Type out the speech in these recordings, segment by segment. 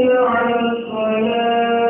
عليه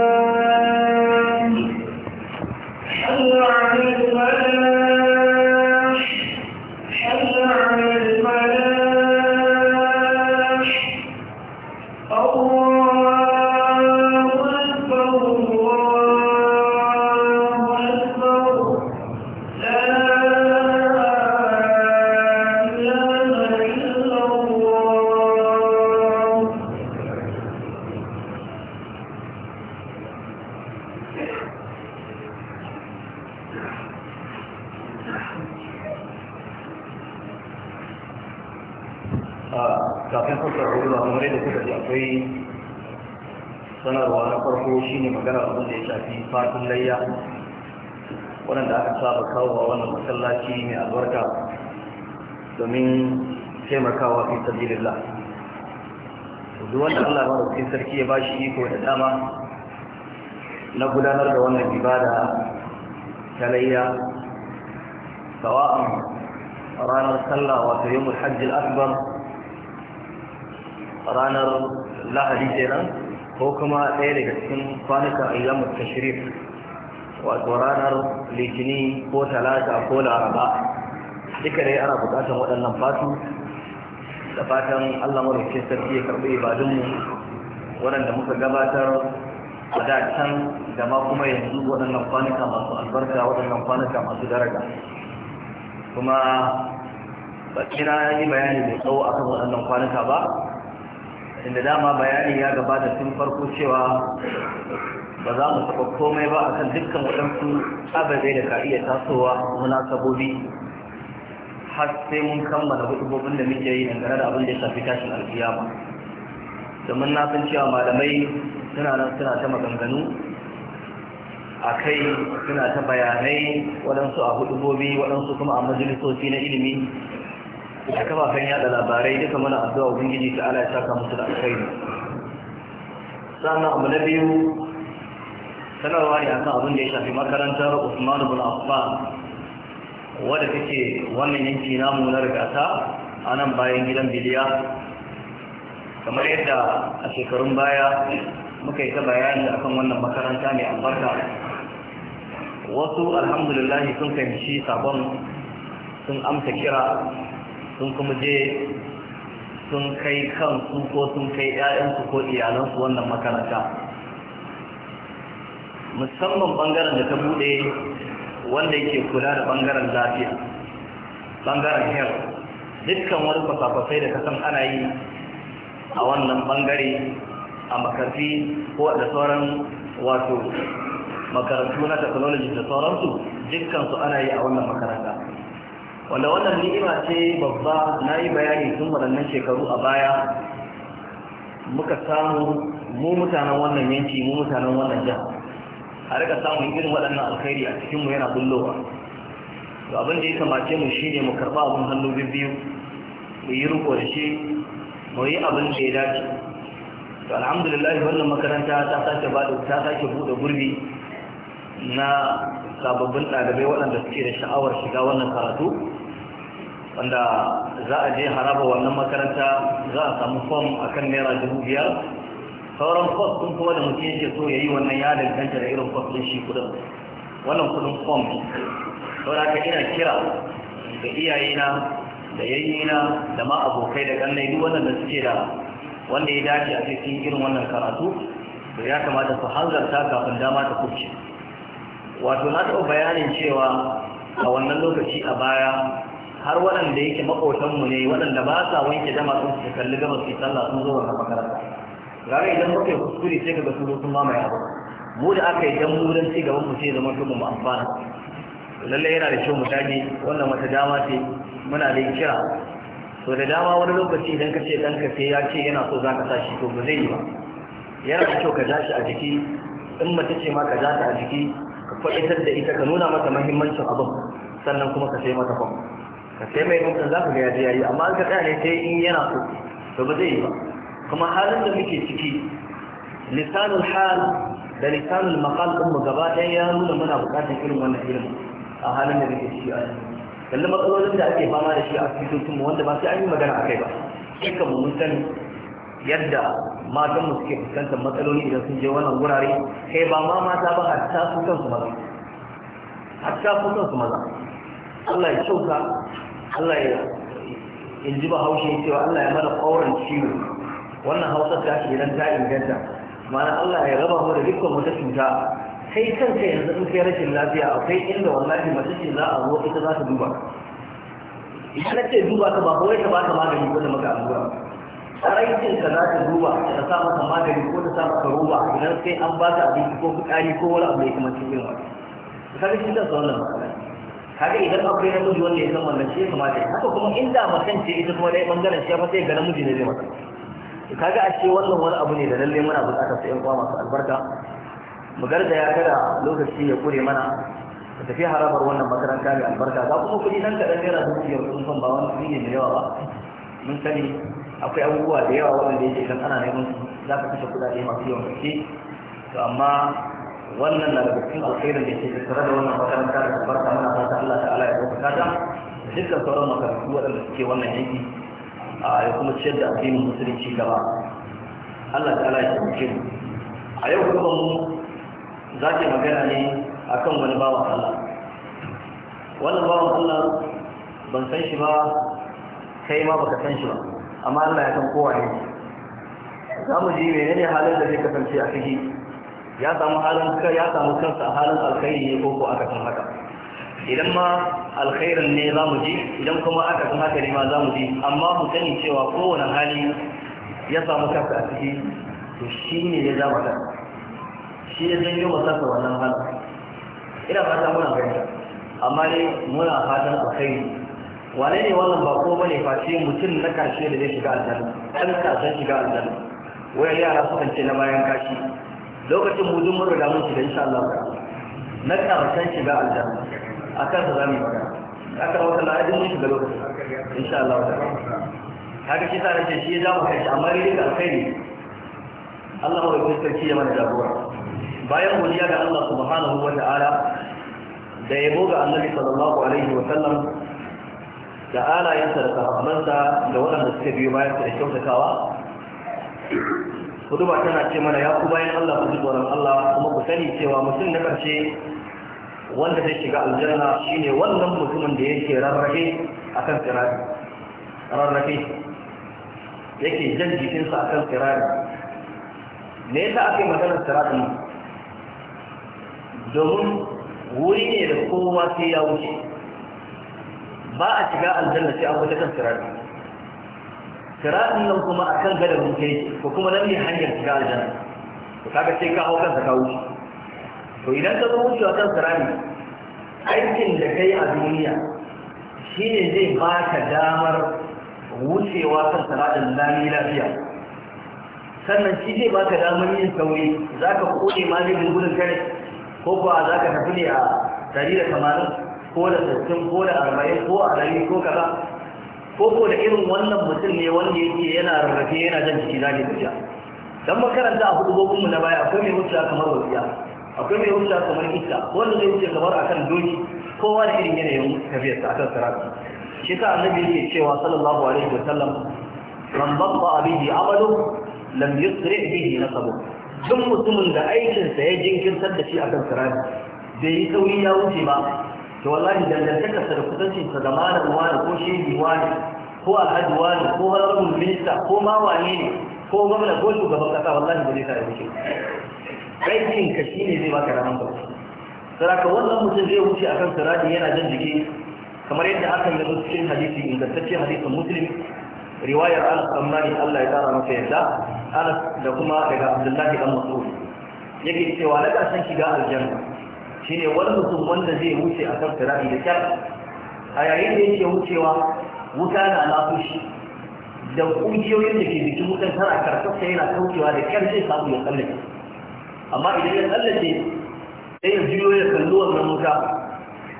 taimakawa fi sabilillah duk wanda Allah ba rukin sarki ya bashi iko da dama na gudanar da wannan ibada ta layya sawa'an ranar sallah wato yawmul hajj akbar ranar lahadi kenan ko kuma ɗaya daga cikin kwanukan ayyamut tashrif wato ranar litini ko talata ko laraba duka dai ana bukatar waɗannan fatu da fatan Allah madaukakin sarki ya karɓi ibadunmu waɗanda muka gabatar a da can da ma kuma yanzu waɗannan kwanuka masu albarka waɗannan kwanuka masu daraja kuma ba kira yi bayani mai tsawo kan waɗannan kwanuka ba inda dama bayani ya gabata tun farko cewa ba za mu taɓa komai ba a kan dukkan waɗansu ababe da ka iya tasowa munasabobi har sai mun kammala hudubobin da muke yi dangane da abin da ya shafi tashin alkiyama domin na san cewa malamai suna nan suna ta maganganu a kai suna ta bayanai waɗansu a hudubobi waɗansu kuma a majalisoci na ilimi da kafafen yada labarai duka mana addu'a ubangiji ta ala ya saka musu da alkhairi sannan abu na biyu sanarwa ne akan abin da ya shafi makarantar usman bin affan wadda take wannan yanki namu na rigata a nan bayan gidan biliya kamar yadda a shekarun baya muka yi ta bayani akan wannan makaranta mai albarka wasu alhamdulillah sun fahimci sabon sun amsa kira sun kuma je sun kai kansu ko sun kai 'ya'yansu ko iyalansu wannan makaranta musamman bangaren da ta bude wanda yake kula da bangaren lafiya bangaren health dukkan wani kwasa da kasan ana yi a wannan bangare a makarfi ko da sauran wato makarantu na technology da sauransu dukkansu ana yi a wannan makaranta wanda wannan ni'ima ce babba na yi bayani tun waɗannan shekaru a baya muka samu mu mutanen wannan yanki mu mutanen wannan jihar a rika samun irin waɗannan alkhairi a cikinmu yana bullowa to abin da ya kamace mu shine mu karɓa abin hannu biyu mu yi riko da shi mu yi abin da ya dace to alhamdulillah wannan makaranta ta sake bada ta sake buɗe gurbi na sababbin ɗalibai waɗanda suke da sha'awar shiga wannan karatu wanda za a je haraba wannan makaranta za a samu fom akan naira dubu biyar sauran kwas ɗin kuma da mutum yake so ya yi wannan ya danganta da irin kwas ɗin shi kudin wannan kudin fom ne ka ina kira ga iyayena da yayyina da ma abokai da ƙannai duk wannan da suke da wanda ya dace a cikin irin wannan karatu to ya kamata su hanzarta kafin dama ta kurce wato na taɓa bayanin cewa a wannan lokaci a baya har waɗanda yake maƙotanmu ne waɗanda ba sa wanke dama sun su kalli gabas su sallah sun zo wannan makaranta gara idan muka yi kuskure sai ka ga su sun mamaye abu mu da aka yi dan mu dan ci gaban mu sai zama to mu amfana lalle yana da kyau mu dage wannan mata dama ce muna da kira to da dama wani lokaci idan ka ce ka sai ya ce yana so za ka sa shi to ba zai yi ba yana da kyau ka ja shi a jiki in mace ce ma ka ja ta a jiki ka faɗitar da ita ka nuna mata mahimmancin abin sannan kuma ka sai mata fam ka sai mai mutum za ka ga ya je ya yi amma in ka tsaya ne sai in yana so to ba zai yi ba kuma halin da muke ciki lisanul hal da lisanul maqal din mu gaba ɗaya ya nuna muna buƙatar irin wannan ilimi a halin da muke ciki a yanzu matsalolin da ake fama da shi a asibitocin mu wanda ba sai an yi magana akai ba dukkan mu mun sani yadda matan mu suke fuskantar matsaloli idan sun je wannan wurare kai ba ma mata ba ta su kansu maza ta su kansu maza Allah ya kyauta Allah ya in ji ba haushe cewa Allah ya mana ƙauran ciwo wannan hausar ta shi idan ta inganta mana Allah ya raba mu da dukkan wata cuta kai kanka yanzu in kai rashin lafiya akwai inda wallahi mace ce za a zo ita za ta duba idan ce duba ka ba kawai ta ba ka magani ko ta maka allura tsaraicin ka za ta duba ta sa maka magani ko ta sa maka roba idan sai an ba ta abinci ko fitsari ko wani abu da ya kamata cikin wani kaga shi da tsawon matsala kaga idan akwai namiji wanda ya san wannan shi ya kamata haka kuma inda mutum ce ita kuma dai bangaren shi ya fa sai ga namiji ne zai mata kaga ashe wannan wani abu ne da lalle muna bukatar sai yan uwa masu albarka mu garda ya kada lokaci ya kure mana ka tafi harabar wannan makaranta mai albarka ga kuma kuɗi nan kaɗan naira dubu biyar kun san ba wani kuɗi ne mai yawa ba mun sani akwai abubuwa da yawa waɗanda yake kan ana neman su za ka kashe kuɗaɗe masu yawan gaske to amma wannan na daga cikin alkhairin da ke tattare da wannan makaranta da albarka muna fata Allah ta'ala ya ɗaukaka ta dukkan sauran makarantu waɗanda suke wannan yanki a ya kuma ciyar da addinin musulunci gaba Allah ta ya taimake a yau kuma mu za ke magana ne akan wani bawan Allah wannan bawan Allah ban san shi ba kai ma baka san shi ba amma Allah ya san kowa ne za mu ji menene halin da zai kasance a ciki ya samu halin ya samu kansa a halin alkhairi ne ko ko aka san haka idan ma alkhairin ne za mu ji idan kuma aka san haka ne ma za mu ji amma mu sani cewa kowane hali ya samu kafa a ciki to shi ne ya mu da shi ya wa sassa wannan hali ina fata muna gani amma ne muna fatan alkhairi wane ne wannan ba ko bane face mutum na karshe da zai shiga aljanna ɗan karshen shiga aljanna wayar yara sukan ce na bayan kashi lokacin mu duk mun riga mun shiga insha Allah na karshen shiga aljanna a kansa za mu yi magana aka wata la'ajin mun shiga lokacin insha Allah wata haka shi sa ce shi ya ja mu kai amma ni da alkhairi Allah wa ya sarki ya mana jagora bayan godiya ga Allah subhanahu wa ta'ala da yabo ga Annabi sallallahu alaihi wa sallam da alayansa da sahabbansa da waɗanda suka biyo bayan da kyautakawa? kuduba tana ce mana ya ku bayan Allah ku ji tsoron Allah kuma ku sani cewa mutum na ƙarshe wanda zai shiga aljanna shine wannan mutumin da yake rarrafe akan tsirari rarrafe yake jan jikinsa akan tsirari me yasa aka yi maganar tsirarin domin wuri ne da kowa sai ya wuce ba a shiga aljanna sai an wuce kan tsirarin tsirarin nan kuma a kan gadar wuce ko kuma nan ne hanyar shiga aljanna to kaga sai ka hau kansa ka wuce to idan ka zama wucewa kan sarari, aikin da kai a duniya shi ne zai ba ka damar wucewa kan sirarin lami lafiya sannan shi zai ba ka damar yin sauri za ka kone ma zai gudun kare ko kuwa za ka tafi ne a dari da tamanin ko da sassin ko da arba'in ko a rari ko kaza ko ko da irin wannan mutum ne wanda yake yana rarrafe yana jan jiki na tafiya dan makaranta a hudu mu na baya akwai mai wucewa kamar wasiya akwai mai wuce kamar isa wanda zai wuce kamar akan doki kowa da irin yanayin a akan sarari shi ka annabi yake cewa sallallahu alaihi wa sallam man baqa bihi amalu lam yusri bihi nasabu duk mutumin da aikinsa ya jinkirtar da shi akan sarari bai yi sauri ya wuce ba to wallahi sa da sa da malam wani ko shehi wani ko alhaji wani ko harabin minista ko ma wani ne ko gwamna ko shugaban kasa wallahi ba zai sa ya wuce aikin ka ne zai ba ka ramin ba saraka wannan mutum zai wuce kan sarari yana jan jiki kamar yadda aka yi zo cikin hadisi ingantaccen hadisin musulmi riwayar anas tsammani allah ya tsara masa yadda anas da kuma daga abdullahi dan mas'ud yake cewa na kasan shiga aljanna shine wani mutum wanda zai wuce akan sarari da kyar a yayin da yake wucewa wuta na lafushi da ƙungiyoyin da ke jikin wutan tana karkasa yana kaucewa da kyar zai samu ya tsallake amma idan ya tsallace, sai ya juyo ya kalli wannan mota,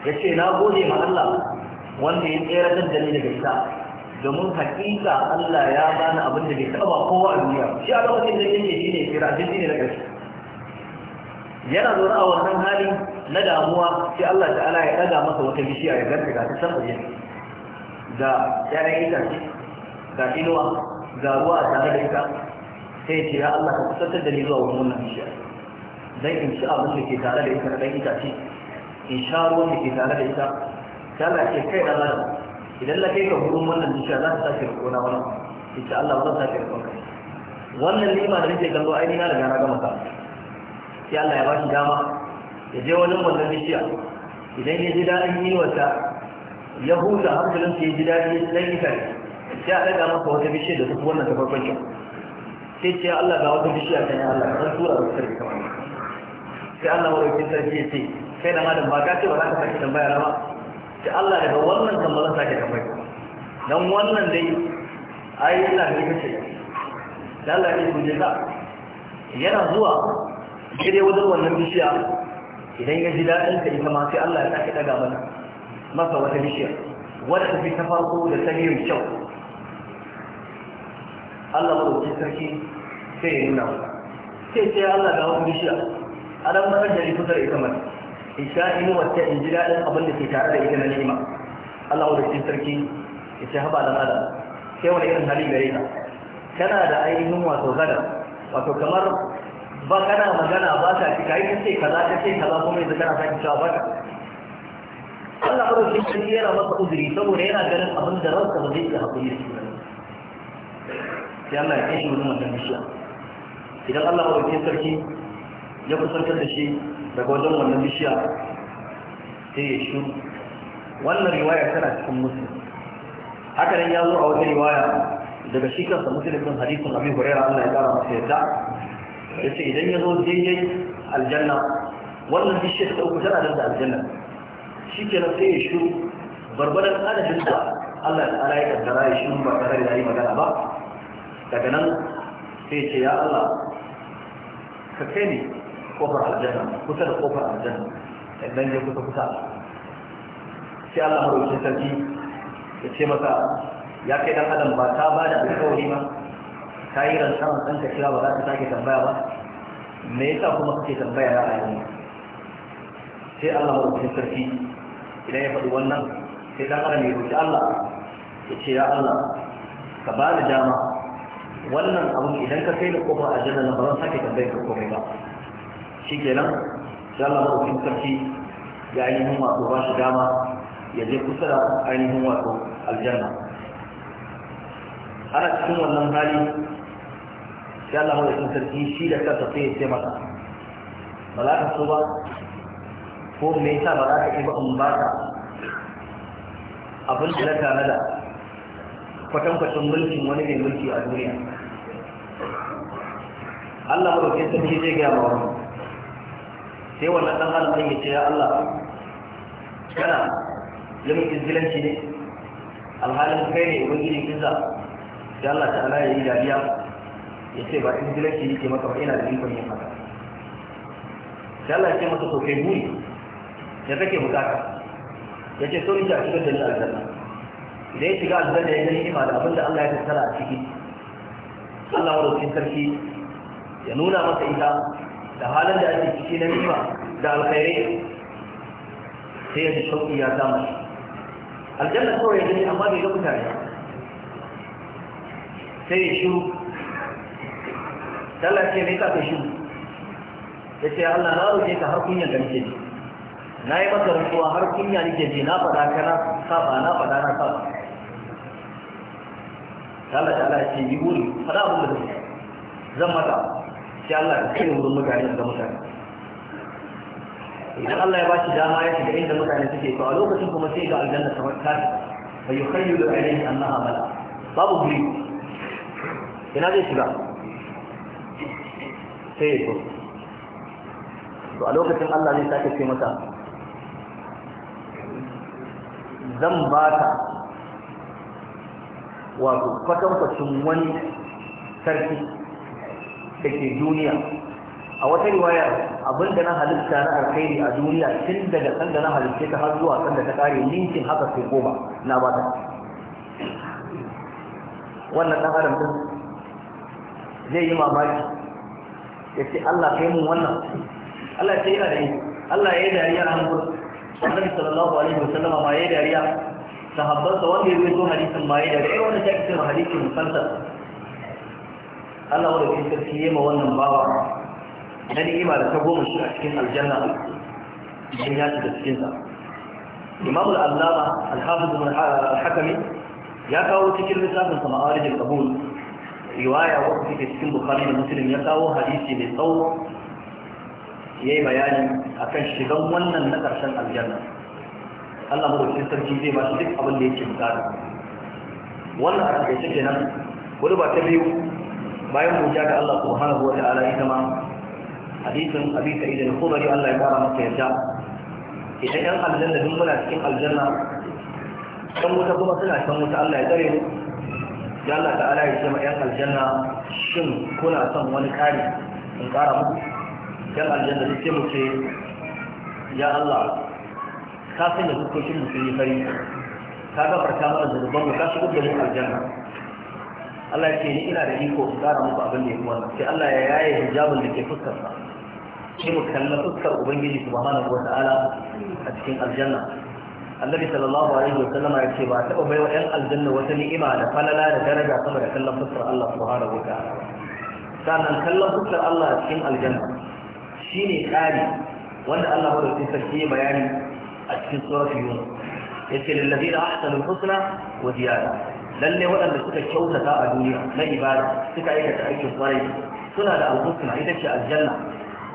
ya ce na gode ma Allah wanda ya tseratar da ni daga ita domin hakika Allah ya bani abin da bai taba kowa a duniya shi a lokacin da yake shine tsira jinsi ne na gaske yana zaune a wannan hali na damuwa sai Allah ta'ala ya daga masa wata bishiya ya garka ga ta san waje ga yaran itace ga inuwa ga ruwa tare da ita sai ya ce ya Allah ka kusantar da ni zuwa wannan bishiya dan in ci da ke tare da ita na ɗan itace in sha ruwan da ke tare da ita ta ce kai na zalim idan na kai ga gurin wannan bishiya za ta sake riko na wannan insha Allah ba zan sake riko kai wannan lima da nake kallo aini na riga na gama ka sai Allah ya bashi dama ya je wani wannan bishiya idan ya ji daɗin yiwarsa ya huta hankalinsa ya ji daɗi ya ɗan itace sai a ɗaga maka wata bishiya da ta fi wannan ta farkon sai ce Allah ga wata bishiya ta yi Allah ɗan tura da sarki kamar sai Allah madaukakin sarki ya ce kai dan adam ba ka ce ba za ka sake tambaya ba sai Allah daga wannan kan ba sake tambaya dan wannan dai ai ina ne kace dan Allah ne kuje ka yana zuwa gire wajen wannan bishiya idan ya ji daɗin ka ita ma sai Allah ya sake daga mana masa wata bishiya wadda ta fi ta farko da ta yi kyau Allah madaukakin sarki sai ya nuna sai sai Allah ga wata bishiya alam ba da rikutar ita mai in sha inu wacce in ji daɗin abin da ke tare da ita na ni'ima Allah wa rikin sarki ya ce haɓa dan adam sai wani irin hali gare ka kana da ainihin wato gada wato kamar ba kana magana ba ta ci kai kace kaza kace ce kaza kuma yanzu kana sai cewa ba Allah wa rikin sarki yana masa uzuri saboda yana ganin abin da ranka ba zai iya haƙuri da shi sai Allah ya kai shi da mutum bishiya idan Allah wa rikin sarki ya kusantar da shi daga wajen wannan bishiya sai ya shi wannan riwaya tana cikin musu haka nan ya zo a wata riwaya daga shi kansa musulmin hadisin abi hurairah Allah ya kara masa yadda ce idan ya zo daidai aljanna wannan bishiyar ta dauko tana da aljanna shi ke sai ya shi barbaran adadin da Allah ya tsara ya kaddara ya shi ba tare da yi magana ba daga nan sai ya ce ya Allah ka kai ne kofar aljanna kusa da kofar aljanna idan ya kusa kusa sai Allah maraucin sarki ya ce masa ya kai dan adam ba ta ba da alkawari ba ta yi rantsan ka kira ba za ta sake tambaya ba me yasa kuma kake tambaya na ayyuka sai Allah maraucin sarki idan ya faɗi wannan sai dan adam ya roki Allah ya ce ya Allah ka ba da dama wannan abun idan ka kai da kofar aljanna na ba zan sake tambayar ka komai ba shi kenan sai Allah ko sarki ya ainihin wato ba shi dama ya je kusa da ainihin wato aljanna ana cikin wannan hali sai Allah ya kin sarki shi da kansa sai ya ce masa ba za ka so ba ko me yasa ba za ka yi ba in ba ka abin da na tare da kwatankwacin mulkin wani mai mulki a duniya Allah ya kin sarki zai gaya ma wani sai wannan ɗan adam ɗin ya ce ya Allah kana yamin izgilanci ne alhalin kai ne ubangiji kinsa sai Allah ta ala ya yi dariya ya ce ba izgilanci ne ke maka ba ina da ikon yin haka sai Allah ya ce masa to kai buri da kake bukata ya ce so ni ta shigar da ni aljanna idan ya shiga aljanna ya gani ima da abin da Allah ya tattara a ciki Allah wa sarki ya nuna masa ita da halin da ake kishi na nima da alkhairai sai yanzu shauƙi ya samu aljanna kawai ya gani amma bai ga mutane sai ya shiru Dala ce mai kafin shiru ya ce Allah na roƙe ka har kunya gamce ne na yi masa rantsuwa har kunya nake ji na faɗa ka na saba na faɗa na saba Allah ta Allah ce yi wuri faɗa abin da zan mata sai Allah ka kai wurin mutane ga mutane idan Allah ya bashi dama ya shiga inda mutane suke to a lokacin kuma sai ga aljanna kamar ta fa yukhayyilu ilayhi annaha mala babu guri ina zai shiga sai ya to to a lokacin Allah zai sake ce masa zan ba ta wato kwatankwacin wani sarki da ke duniya a wata riwaya abinda na halitta na alkhairi a duniya tun daga sanda na halitta ta har zuwa sanda ta kare linkin haka sai goma na ba ta wannan ɗan adam din zai yi mamaki ya ce Allah kai mun wannan Allah ce yana da yi Allah ya yi dariya a hankul annabi sallallahu alaihi sallama ma ya yi dariya sahabbansa wanda ya zo hadisin ma ya yi dariya wanda ta kisa hadisin musallar Allah wanda ke sarki ma wannan bawa na ni'ima da ta goma shi a cikin aljanna idan ya shiga cikin sa Imam al-Allama al-Hafiz al-Hakami ya kawo cikin littafin sa Ma'arij al-Qabul riwaya wacce take cikin Bukhari da Muslim ya kawo hadisi mai tsawo yayi bayani akan shigan wannan na karshen aljanna Allah madaukakin sarki zai ba shi duk abin da yake bukata wannan a cikin kenan wani ba ta biyu bayan godiya ga Allah subhanahu wa ta'ala ita ma hadisin abi sa'id al-khudri Allah ya fara masa yadda idan yan aljanna duk muna cikin aljanna kan wuta kuma suna kan wuta Allah ya tsare mu ya Allah ta'ala ya ce ma yan aljanna shin kuna son wani kari in kara muku yan aljanna duk sai mu ce ya Allah ka sanya hukuncin musulmi fari ka gafarta mana zunuban mu ka shigar da mu aljanna Allah ya ce ni ina da iko in tsara muku abin da ya kuma sai Allah ya yaye hijabin da ke fuskar sa shi mu kalla fuskar ubangiji subhanahu wata'ala a cikin aljanna annabi sallallahu alaihi wa sallama ya ce ba taba baiwa yan aljanna wata ni'ima da falala da daraja sama da kallon fuskar Allah subhanahu wata'ala sannan kallon fuskar Allah a cikin aljanna shine tsari wanda Allah madaukakin sarki ya bayani a cikin suratul yunus yace lil ladina ahsanu husna wa ziyada lalle waɗanda suka kyautata a duniya na ibada suka aikata aikin kwarai suna da alhusna ita ce aljanna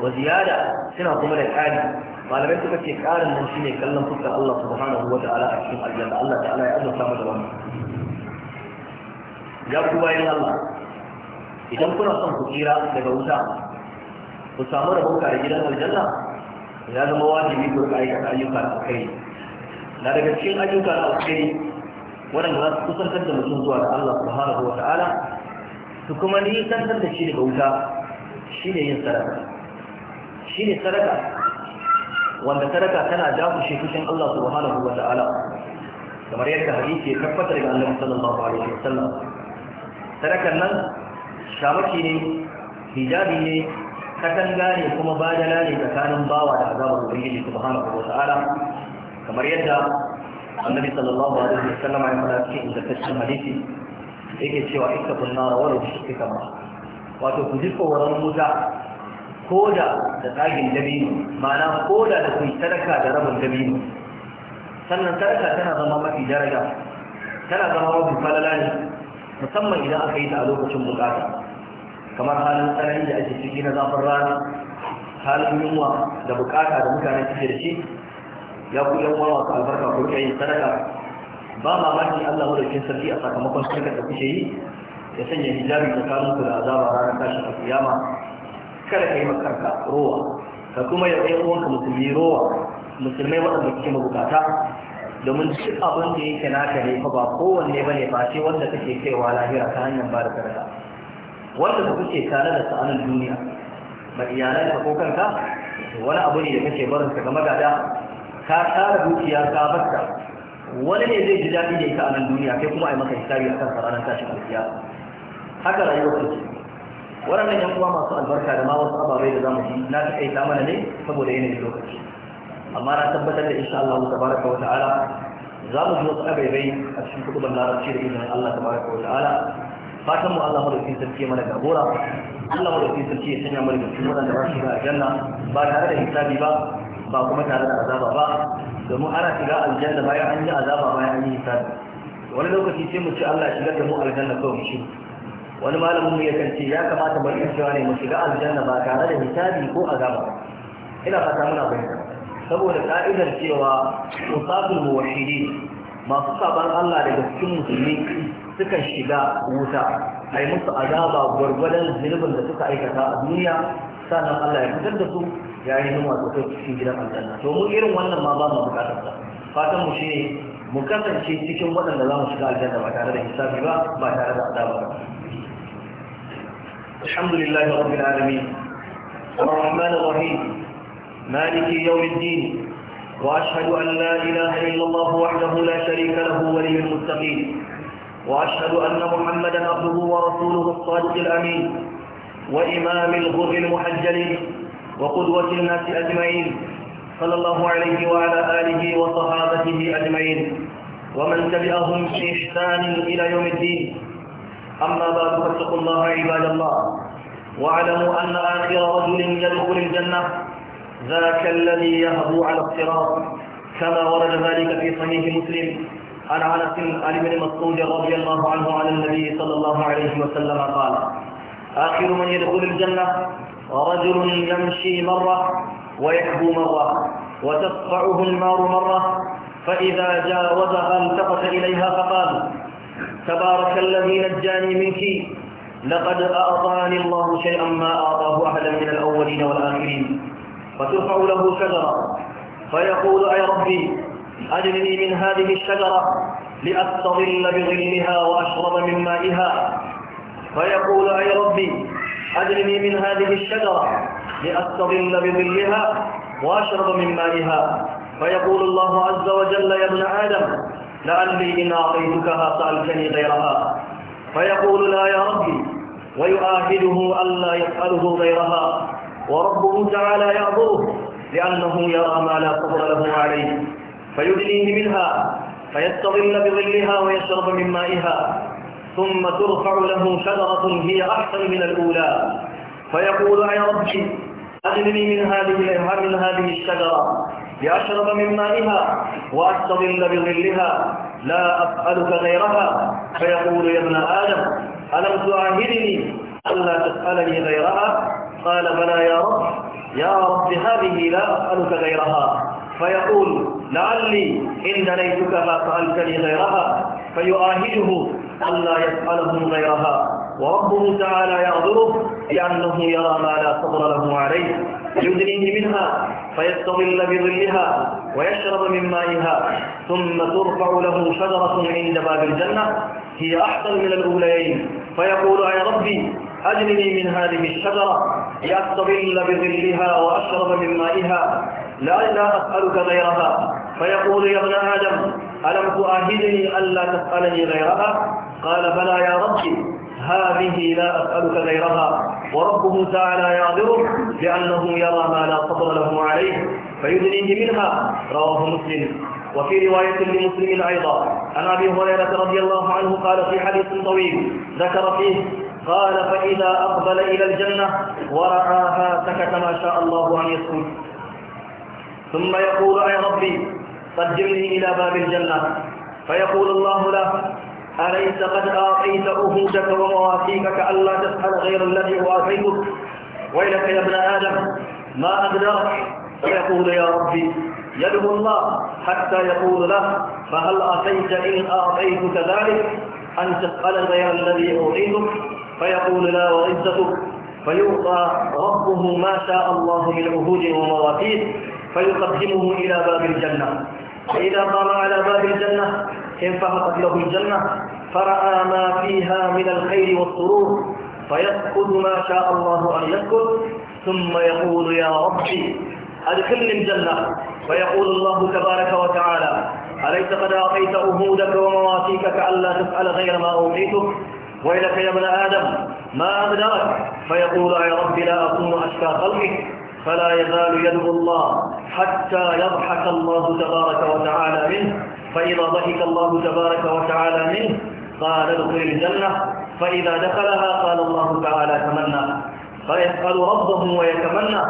wa ziyada suna kuma da ƙari malamai suka ce ƙarin nan shine kallon fuskar Allah subhanahu wa ta'ala a cikin aljanna Allah ta'ala ya azurta mu da ya ku bayan Allah idan kuna son ku tsira daga wuta ku samu rabon da gidan aljanna ya zama wajibi ku aikata ayyuka a kai na daga cikin ayyuka da alkhairi waɗanda za su kusantar da mutum zuwa da Allah subhanahu wa ta'ala su kuma ni, nisantar da shi da Bauta shi ne yin sadaka shi ne sadaka wanda sadaka tana dakushe fushin Allah subhanahu wa ta'ala kamar yadda hadisi ya tabbatar daga Allah sallallahu alaihi wa sallam sadakan nan shamaki ne hijabi ne katanga ne kuma badala ne tsakanin bawa da azabar ubangiji subhanahu wa ta'ala kamar yadda annabi sallallahu alaihi wasallam ya fara cikin ingantaccen hadisi yake cewa ita bunna rawar da shi kama wato ku ji tsoron wuta koda da tsagin dabino ma'ana koda da kun sadaka da rabin dabino sannan sadaka tana zama mafi daraja tana zama mafi falala ne musamman idan aka yi ta a lokacin bukata kamar halin tsanani da ake ciki na zafin rana halin yunwa da bukata da mutane suke da shi ya ku yan wawa ka albarka ko kai sadaka ba mamaki Allah madaukin sarki a sakamakon sadaka da kuke yi ya sanya hijabi tsakanin ku da azaba ranar tashin alkiyama kada ka yi makarka rowa ka kuma ya tsaye ka musulmi rowa musulmai waɗanda kike mabukata domin duk abin da yake naka ne fa ba kowanne bane ba ce wanda kake kaiwa lahira ta hanyar ba da sadaka wanda da kuke tare da sa'anin duniya ba iyalanka ko kanka wani abu ne da kake barin ka ga magada ka tsara dukiya ka barta wani ne zai ji daɗi da ita a nan duniya kai kuma a yi maka hisabi a kan ranar tashin gaskiya haka rayuwar ku ce waɗannan yan uwa masu albarka da ma wasu ababai da zamu yi na ta kai mana ne saboda yanayin lokaci amma na tabbatar da insha Allah baraka wa ta'ala za mu ji wasu ababai a cikin kuɗin larabci da izinin Allah baraka wa ta'ala fatan mu Allah madaukin sarki mana gagora Allah madaukin sarki ya sanya mana da cikin wadanda ba su da aljanna ba tare da hisabi ba ba kuma tare da azaba ba domin ana shiga aljanna bayan an yi azaba bayan an yi hisabi wani lokaci sai mu ci Allah shigar da mu aljanna kawai shi wani malamin mu yakan ce ya kamata mu iya cewa ne mu shiga aljanna ba tare da hisabi ko azaba ina fata muna bayyana saboda ka'idar cewa usabul muwahhidin masu saban Allah daga cikin musulmi sukan shiga wuta ai musu azaba gwargwadon zunubin da suka aikata a duniya sannan Allah ya fitar da su ya yi nuna su kai cikin gidan aljanna to mu irin wannan ma ba mu bukatar sa fatan mu shine mu kasance cikin waɗanda za mu shiga aljanna ba tare da hisabi ba ba tare da azaba ba alhamdulillahi rabbil alamin الرحمن الرحيم مالك يوم الدين وأشهد أن لا إله إلا الله وحده لا شريك له ولي المتقين وأشهد أن محمدا عبده ورسوله الصادق الأمين وإمام الغر المحجل وقدوة الناس أجمعين صلى الله عليه وعلى آله وصحابته أجمعين ومن تبعهم بإحسان إلى يوم الدين أما بعد فاتقوا الله عباد الله واعلموا أن آخر رجل يدخل الجنة ذاك الذي يهبو على الصراط كما ورد ذلك في صحيح مسلم عن أن بن مسعود رضي الله عنه عن النبي صلى الله عليه وسلم قال آخر من يدخل الجنة رجل يمشي مرة ويحبو مرة وتقطعه النار مرة فإذا جاوزها التفت إليها فقال تبارك الذي نجاني منك لقد أعطاني الله شيئا ما أعطاه أحدا من الأولين والآخرين فترفع له شجرة فيقول أي ربي أجلني من هذه الشجرة لأستظل بظلها وأشرب من مائها فيقول أي ربي أدرني من هذه الشجرة لأستظل بظلها وأشرب من مائها فيقول الله عز وجل يا ابن آدم لعلي إن أعطيتكها سألتني غيرها فيقول لا يا ربي ويؤاهده ألا يسأله غيرها وربه تعالى يعذره لأنه يرى ما لا صبر له عليه فيدنيه منها فيستظل بظلها ويشرب من مائها ثم ترفع له شجرة هي أحسن من الأولى فيقول يا ربي أغنني من هذه من هذه الشجرة لأشرب من مائها وأستظل بظلها لا أسألك غيرها فيقول يا ابن آدم ألم تعاهدني ألا تسألني غيرها قال بلى يا رب يا رب هذه لا أسألك غيرها فيقول لعلي إن نيتك ما سألتني غيرها فيؤاهده ألا يسألهم غيرها وربه تعالى يغضره لأنه يرى ما لا صبر له عليه يدنيه منها فيستظل بظلها ويشرب من مائها ثم ترفع له شجرة عند باب الجنة هي أحسن من الأوليين فيقول يا ربي أجلني من هذه الشجرة لأستظل بظلها وأشرب من مائها لا لا أسألك غيرها فيقول يا ابن آدم ألم تؤهدني ألا تسألني غيرها قال فلا يا ربي هذه لا أسألك غيرها وربه تعالى يعذره لأنه يرى ما لا صبر له عليه فيدنيه منها رواه مسلم وفي رواية لمسلم أيضا عن أبي هريرة رضي الله عنه قال في حديث طويل ذكر فيه قال فإذا أقبل إلى الجنة ورعاها سكت ما شاء الله أن يسكت ثم يقول أي ربي قدمني إلى باب الجنة فيقول الله له أليس قد آتيت أهودك ومواثيقك ألا تسأل غير الذي أعطيتك ويلك يا ابن آدم ما أدراك فيقول يا ربي يدعو الله حتى يقول له فهل أتيت إن أعطيتك ذلك أن تسأل غير الذي أعطيتك فيقول لا وعزتك فيعطى ربه ما شاء الله من عهود ومواثيق فيقدمه إلى باب الجنة فإذا قام على باب الجنة انفهقت له الجنة فرأى ما فيها من الخير والسرور فيسكت ما شاء الله أن يسكت ثم يقول يا ربي أدخلني الجنة فيقول الله تبارك وتعالى أليس قد أعطيت أهودك ومواسيك كألا تسأل غير ما أوحيتك ويلك يا ابن آدم ما أبدأك فيقول يا رب لا أكون أشكى خلقك فلا يزال يدعو الله حتى يضحك الله تبارك وتعالى منه فإذا ضحك الله تبارك وتعالى منه قال ادخل الجنة فإذا دخلها قال الله تعالى تمنى فيسأل ربه ويتمنى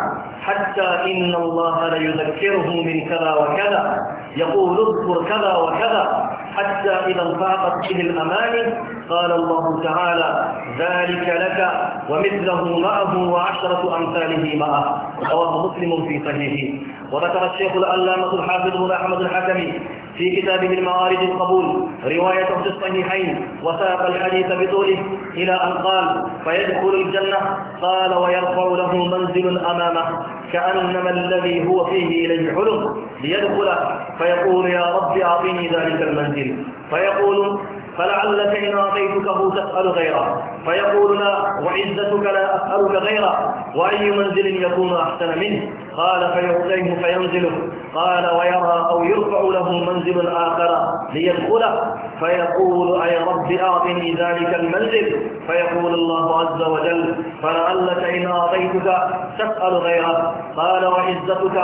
حتى إن الله ليذكره من كذا وكذا يقول اذكر كذا وكذا حتى إذا انفاقت به الأماني قال الله تعالى ذلك لك ومثله معه وعشرة أمثاله معه رواه مسلم في صحيحه وذكر الشيخ الألامة الحافظ بن أحمد الحكمي في كتابه المعارج القبول رواية في الصحيحين وساق الحديث بطوله إلى أن قال فيدخل الجنة قال ويرفع له منزل أمامه كأنما الذي هو فيه إليه حلم ليدخل فيقول يا رب أعطني ذلك المنزل فيقول فلعلك إن أعطيتكه تسأل غيره فيقول لا وعزتك لا أسألك غيره وأي منزل يكون أحسن منه قال فيعطيه فينزله قال ويرى أو يرفع له منزل آخر ليدخله فيقول أي رب أعطني ذلك المنزل فيقول الله عز وجل فلعلك إن أعطيتك تسأل غيره قال وعزتك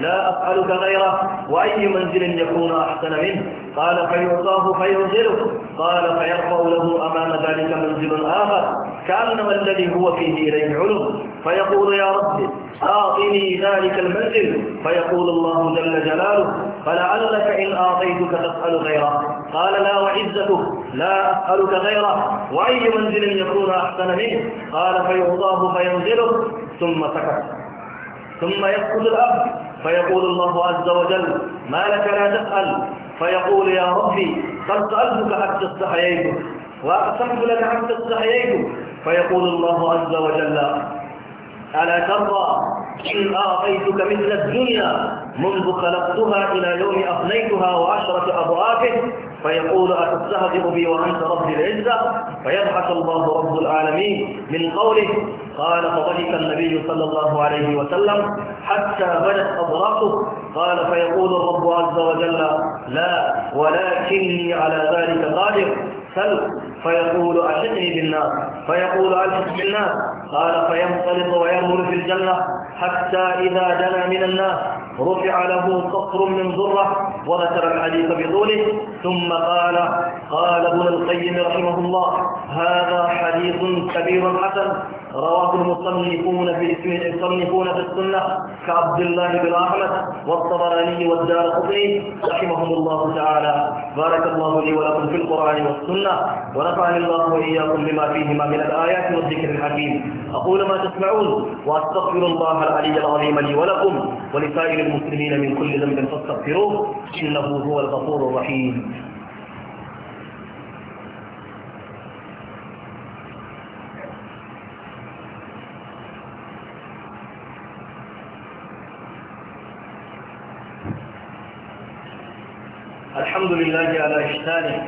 لا أسألك غيره وأي منزل يكون أحسن منه قال فيعطاه فينزله قال فيرفع له أمام ذلك منزل آخر كأنما الذي هو فيه إليه علو فيقول فيقول يا رب أعطني ذلك المنزل فيقول الله جل جلاله فلعلك إن أعطيتك تسأل غيره قال لا وعزته لا أسألك غيره وأي منزل يكون أحسن منه قال فيرضاه فينزله ثم سكت ثم يسكت الأب فيقول الله عز وجل ما لك لا تسأل فيقول يا ربي قد سألتك حتى استحييت وأقسمت لك حتى استحييت فيقول الله عز وجل ألا ترضى إن أعطيتك مثل الدنيا منذ خلقتها إلى يوم أفنيتها وعشرة أضعافه فيقول أتستهزئ بي وأنت رب العزة فيضحك الله رب العالمين من قوله قال فضحك النبي صلى الله عليه وسلم حتى بدت أضرافه قال فيقول الرب عز وجل لا ولكني على ذلك قادر سل فيقول أعشقني بالناس فيقول أعشقني بالناس قال فينطلق ويمر في الجنة حتى إذا دنا من الناس رفع له قصر من ذرة وذكر الحديث بطوله ثم قال قال ابن القيم رحمه الله هذا حديث كبير حسن رواه المصنفون في المصنفون في السنة كعبد الله بن أحمد والطبراني والدار قطني رحمهم الله تعالى بارك الله لي ولكم في القرآن والسنة ونفعني الله وإياكم بما فيهما من الآيات والذكر الحكيم أقول ما تسمعون وأستغفر الله العلي العظيم لي ولكم ولسائر المسلمين من كل ذنب فاستغفروه إنه هو الغفور الرحيم الحمد لله على إحسانه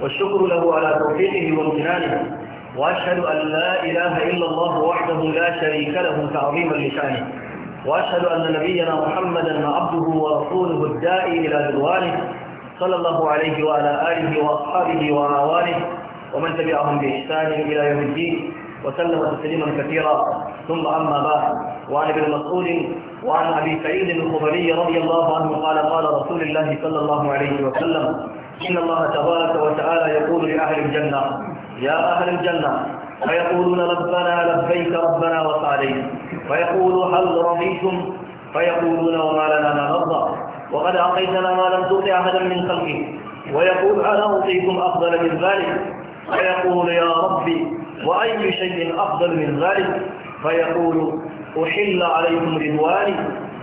والشكر له على توفيقه وامتنانه وأشهد أن لا إله إلا الله وحده لا شريك له تعظيما لشانه وأشهد أن نبينا محمدا عبده ورسوله الداعي إلى رضوانه صلى الله عليه وعلى آله وأصحابه وأعوانه ومن تبعهم بإحسان إلى يوم الدين وسلم تسليما كثيرا ثم أما بعد وعن ابن مسعود وعن أبي سعيد الخضري رضي الله عنه قال قال رسول الله صلى الله عليه وسلم إن الله تبارك وتعالى يقول لأهل الجنة يا أهل الجنة فيقولون ربنا لبيك ربنا وسعديك فيقول هل رضيتم فيقولون وما لنا لا نرضى وقد أعطيتنا ما لم تطع أحدا من خلقك ويقول أنا أعطيكم أفضل من ذلك فيقول يا ربي وأي شيء أفضل من ذلك فيقول أحل عليكم رضواني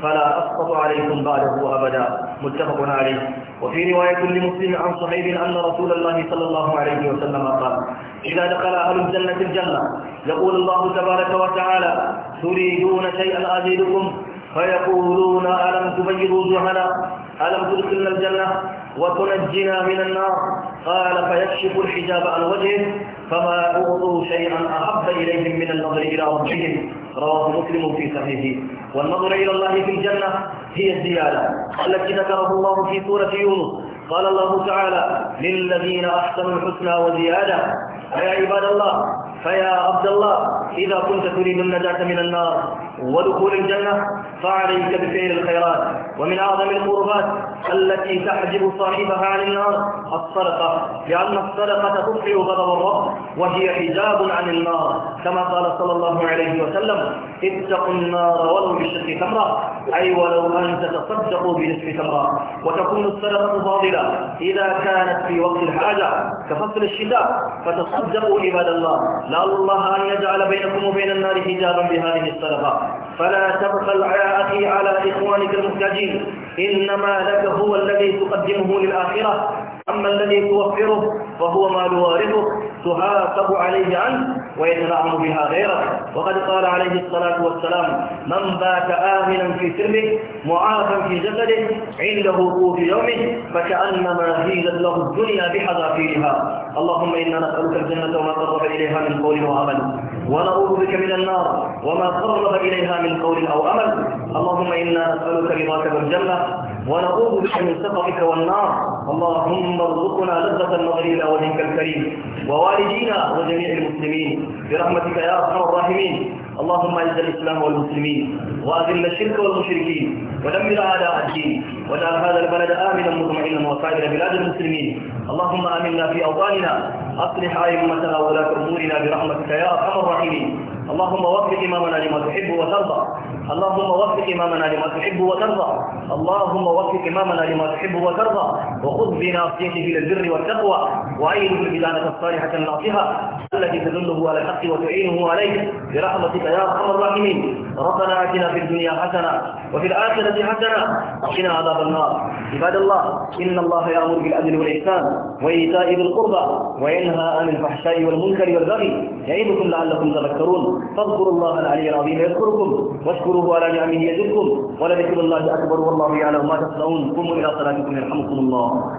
فلا أسقط عليكم بعده أبدا متفق عليه وفي رواية لمسلم عن صحيح أن رسول الله صلى الله عليه وسلم قال إذا دخل أهل الجنة الجنة يقول الله تبارك وتعالى تريدون شيئا أزيدكم فيقولون ألم تبيض وجوهنا ألم تدخلنا الجنة وتنجنا من النار قال فيكشف الحجاب عن وجهه فما أعطوا شيئا أحب إليهم من النظر إلى ربهم رواه مسلم في صحيحه والنظر إلى الله في الجنة هي الزيادة التي ذكره الله في سورة يونس قال الله تعالى للذين أحسنوا الحسنى وزيادة يا عباد الله فيا عبد الله إذا كنت تريد النجاة من النار ودخول الجنة فعليك بفعل الخيرات ومن أعظم القربات التي تحجب صاحبها عن النار الصدقة لأن الصدقة تطفئ غضب الرب وهي حجاب عن النار كما قال صلى الله عليه وسلم اتقوا النار ولو بشق تمرة أي ولو أن تتصدقوا بنصف تمرة وتكون الصدقة فاضلة إذا كانت في وقت الحاجة كفصل الشتاء فتصدقوا عباد الله لعل الله أن يجعل بينكم وبين النار حجابا بهذه الصدقة فلا تبخل يا أخي على إخوانك المحتاجين إنما لك هو الذي تقدمه للآخرة أما الذي توفره فهو مال وارثه تحاسب عليه عنه ويتنعم بها غيره وقد قال عليه الصلاة والسلام من بات آمنا في سره معافا في جسده عنده قوت يومه فكأنما هيزت له الدنيا بحذافيرها اللهم إنا نسألك الجنة وما قرب إليها من قول وعمل ونعوذ بك من النار وما قرب إليها من قول أو عمل اللهم إنا نسألك رضاك والجنة ونعوذ بك من سخطك والنار اللهم ارزقنا لذة النظر إلى وجهك الكريم ووالدينا وجميع المسلمين برحمتك يا أرحم الراحمين اللهم اعز الإسلام والمسلمين وأذل الشرك والمشركين ودمر أعداء الدين واجعل هذا البلد آمنا مطمئنا وسائر بلاد المسلمين اللهم آمنا في أوطاننا أصلح أئمتنا وولاة أمورنا برحمتك يا أرحم الراحمين اللهم وفق إمامنا لما تحب وترضى اللهم وفق إمامنا لما تحب وترضى اللهم وفق إمامنا لما تحب وترضى وخذ بناصيته إلى البر والتقوى وأيده البلادة الصالحة الناصحة التي تدله على الحق وتعينه عليه برحمتك يا أرحم الراحمين ربنا آتنا في الدنيا حسنة وفي الآخرة حسنة وقنا عذاب النار عباد الله إن الله يأمر بالعدل والإحسان وإيتاء ذي القربى وينهى عن الفحشاء والمنكر والبغي يعظكم لعلكم تذكرون فاذكروا الله العلي العظيم يذكركم واشكروا واذكروه على نعمه يزدكم ولذكر الله أكبر والله يعلم ما تصنعون قوموا إلى صلاتكم يرحمكم الله